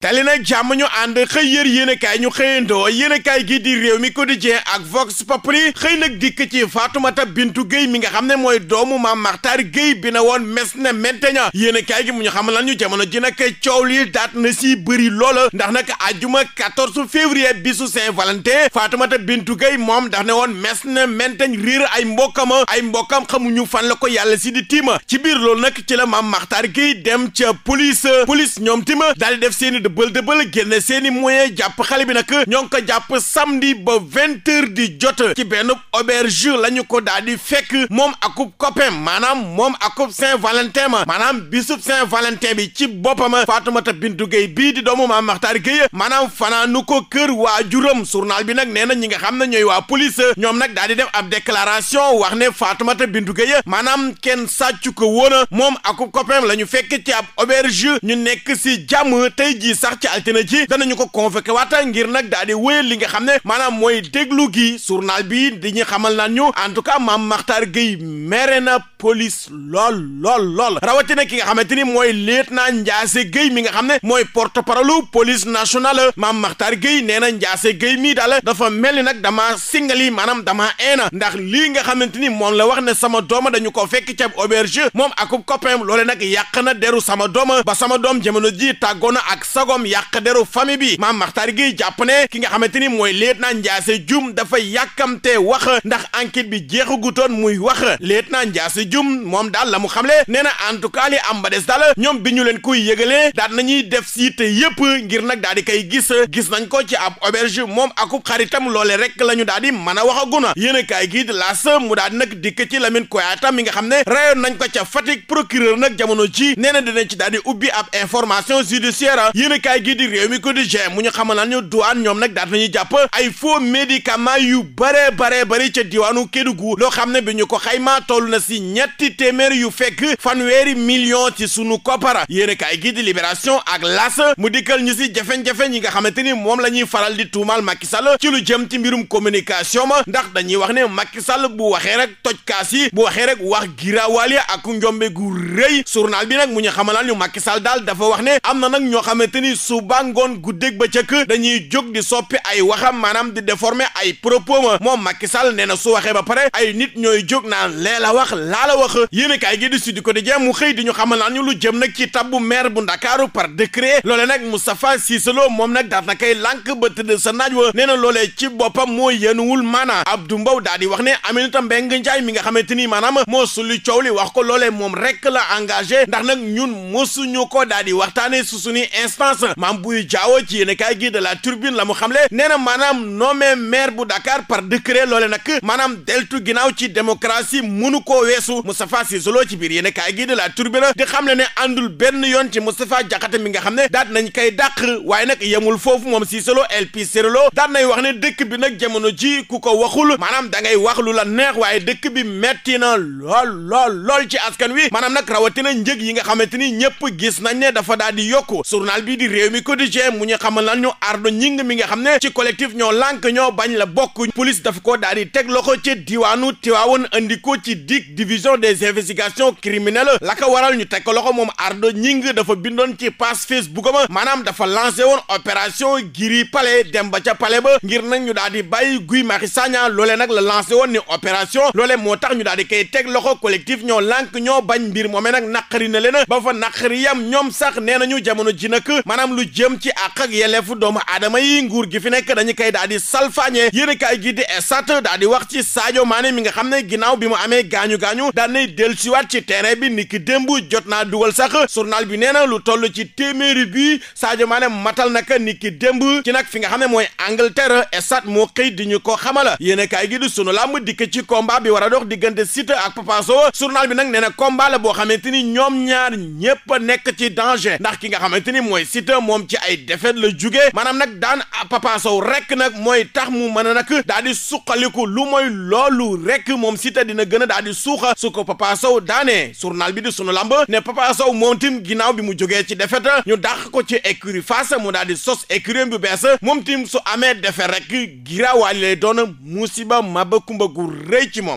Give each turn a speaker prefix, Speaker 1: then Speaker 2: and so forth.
Speaker 1: tali nag jàmm ñu ànd xëy yër yéenekaay ñu xëyandoo yéenekaay gi di réew mi quotidien ak Vox Populi xëy nag dikk ci Fatoumata bintu Gueye mi nga xam ne mooy doomu Mame Mactar Gueye bi na woon mes na menteña yéenekaay gi mu ñu xam lan ñu jamono ji nag coow li daat na si bëri lool ndax nag ajuma 14 février bi su Saint-Valentin Fatoumata bintu Gueye moom ndax ne woon mes na menteñ riir ay mbokkam ay mbokkam xamuñu fan la ko yàlla si di tiima ci biir loolu nag ci la Mame Mactar Gueye dem ca police police ñoom tima daal di def seeni dëbbal dëbbal génne seeni moyen jàpp xale bi nag ñoo ngi ko jàpp samedi ba vingt heures di jot ci benn auberge la ñu ko daal di fekk moom akub copain maanaam moom akub Saint-Valentin ma maanaam bisub Saint-Valentin bi ci boppam Fatoumata Bintou Gueye bii di doomu Mame Makhtar Gueye maanaam fanaanu ko kër waajuram journal bi nag nee na ñi nga xam na ñooy waa police ñoom nag daal di def ab déclaration wax ne Fatoumata Bintou Gueye maanaam kenn sàccu ko woon moom akub copain la ñu fekk ci ab auberge ñu nekk si jàmm tey sax ci altine ji danañu ko convoqué waata ngir nag daal di wéyal li nga xam ne maanaam mooy déglu gi journal bii di ñu xamal naan ñu en tout cas maam Makhtar Gueye mere na police lool lool lool rawatina ki nga xamante ni mooy lieutenant Ndiassé Guèye mi nga xam ne mooy porte parole police nationale Mame Makhtar Guèye nee na Ndiassé Guèye mii daal dafa mel ni nag dama singali maanaam dama eena ndax lii nga xamante ni moom la wax ne sama dooma dañu ko fekk ca auberge moom akub copain loole nag yàq na deru sama dooma ba sama doom jamono ji tàggoona ak sagom yàq deru famille bi Mame Makhtar Guèye jàpp ne ki nga xamante ni mooy lieutenant Ndiassé Dioum dafa yàkkamte wax ndax enquête bi jeexagutoon muy wax lieutenant Ndiassé Dioum moom daal la mu le nee na en tout cas li am ba des daal ñoom bi ñu leen koy yëgalee daan nañuy def siite yëpp ngir nag daal di koy gis gis nañ ko ci ab auberge moom akub xaritam loole rek la ñu daal di mën a wax aguna yéen a kaay gii laas mu daal di nag dikk ci Lamine Koyata mi nga xam ne rayoon nañ ko ca Fatick procureur nag jamono ci nee na ci daal di ubbi ab information judiciaire yéen a kaay gii di réew mi ko di gé mu ñu xamal naa ñu douane ñoom nag daal nañuy jàpp ay faux médicaments yu bare bare bari ca diwaanu Kédougou loo xam ne bi ñu ko xayma toll na si ñetti téeméer yu fekk fanweeri million ci sunu koppara yéen a kaay gi di libération ak las mu dikkal ñu si jafe-jafe yi nga xamante ni moom la ñuy faral di tuumal Macky Sall ci lu jëm ci mbirum communication ma ndax dañuy wax ne Macky Sall bu waxee rek tojkaas yi bu waxee rek wax giraawaal yi ak njombe gu rëy journal bi nag mu ñu xamalal ñu Macky Sall daal dafa wax ne am na nag ñoo xamante ni suba ngoon guddeeg bëccëg dañuy jóg di soppi ay waxam maanaam di déformer ay propos moom Macky Sall nee na su waxee ba pare ay nit ñooy jóg naan lee la wax yéenekaay gi di Sud Quotidien mu xëy di ñu xamal naan ñu lu jëm nag ci tabbu maire bu Ndakaaru par décret loole nag Moustapha Cissé Lo moom nag daat na kay lànk ba tëdd sa naaj wa nee na loolee ci boppam moo yéenuwul maanaam Abdou Mbow daa di wax ne Aminata Mbengue Ndiaye mi nga xamante ni maanaam moo suli coow li wax ko loolee moom rek la engagé ndax nag ñun mosuñu ko daa di waxtaane su suñu instance maam buy jaawo ci yéenekaay gi de la Tribune la mu xamle nee na maanaam nommé maire bu Dakar par décret loole nag maanaam deltu ginnaaw ci démocratie mënu koo weesu kaddu Moustapha Cissé Lo ci biir yéen kaay gii de xam ne ne àndul benn yoon ci Moustapha Diakhaté mi nga xam ne daat nañ koy dàq waaye yemul foofu moom Cissé Lo LP Cissé daat nay wax ne dëkk bi nag jamono ji ku ko waxul maanaam da ngay wax lu la neex waaye dëkk bi metti na lool lool lool ci askan wi maanaam nag na njëg yi nga xamante ni ñëpp gis nañ ne dafa daal di yokku journal bi di réew mi quotidien mu ñu xamal lan ñu ardo mi nga xam ne ci collectif ñoo lànk ñoo bañ la ko daal di teg loxo ci diwaanu Tiwaawoon andi ko ci dik division direction des investigations criminelles la ko waral ñu teg ko loxo moom Ardo Gningue dafa bindoon ci page Facebook ma maanaam dafa lancé woon opération giri pale dem ba ca pale ba ngir nag ñu daal di bàyyi Guy Marius Sagna loolee nag la lancé woon ni opération loolee moo tax ñu daal di koy teg loxo collectif ñoo lànk ñoo bañ mbir moomee nag naqari na leen ba fa naqari yam ñoom sax nee ñu jamono ji nag maanaam lu jëm ci àq ak yelleefu doomu aadama yi nguur gi fi nekk dañu koy daal di salfaañe yéen a kaay gi di esat di wax ci Sadio Mané mi nga xam ne ginnaaw bi mu amee gaañu gaañu daan nay dellusiwaat ci terrain bi niki démb jot naa dugal sax surnal bi nee na lu toll ci téeméeri bi Sadio Mané matal naka niki démb ci nag fi nga xam ne mooy Angleterre estat moo xëy di ñu ko xamala yéen a gi di sunu làmb dikk ci combat bi wara a dox diggante Siteu ak Papa Sow bi nag nee na combat la boo xamante ni ñoom ñaar ñépp a nekk ci danger ndax ki nga xamante ni mooy Siteu moom ci ay défaite la jugee maanaam nag daan Papa Sow rek nag mooy tax mu mën a nag daal di suqaliku lu mooy loolu rek moom Siteu dina gën a daal di suuxa su ko Papa Sow daane bi di sunu lamb ne Papa moom tim ginnaaw bi mu jogee ci défaite ñu dàq ko ci écurie Fass mu daal di sos écurie bu bees moom tim su amee defee rek giraawaali lay doon musiba maba kumba gu rëy ci moom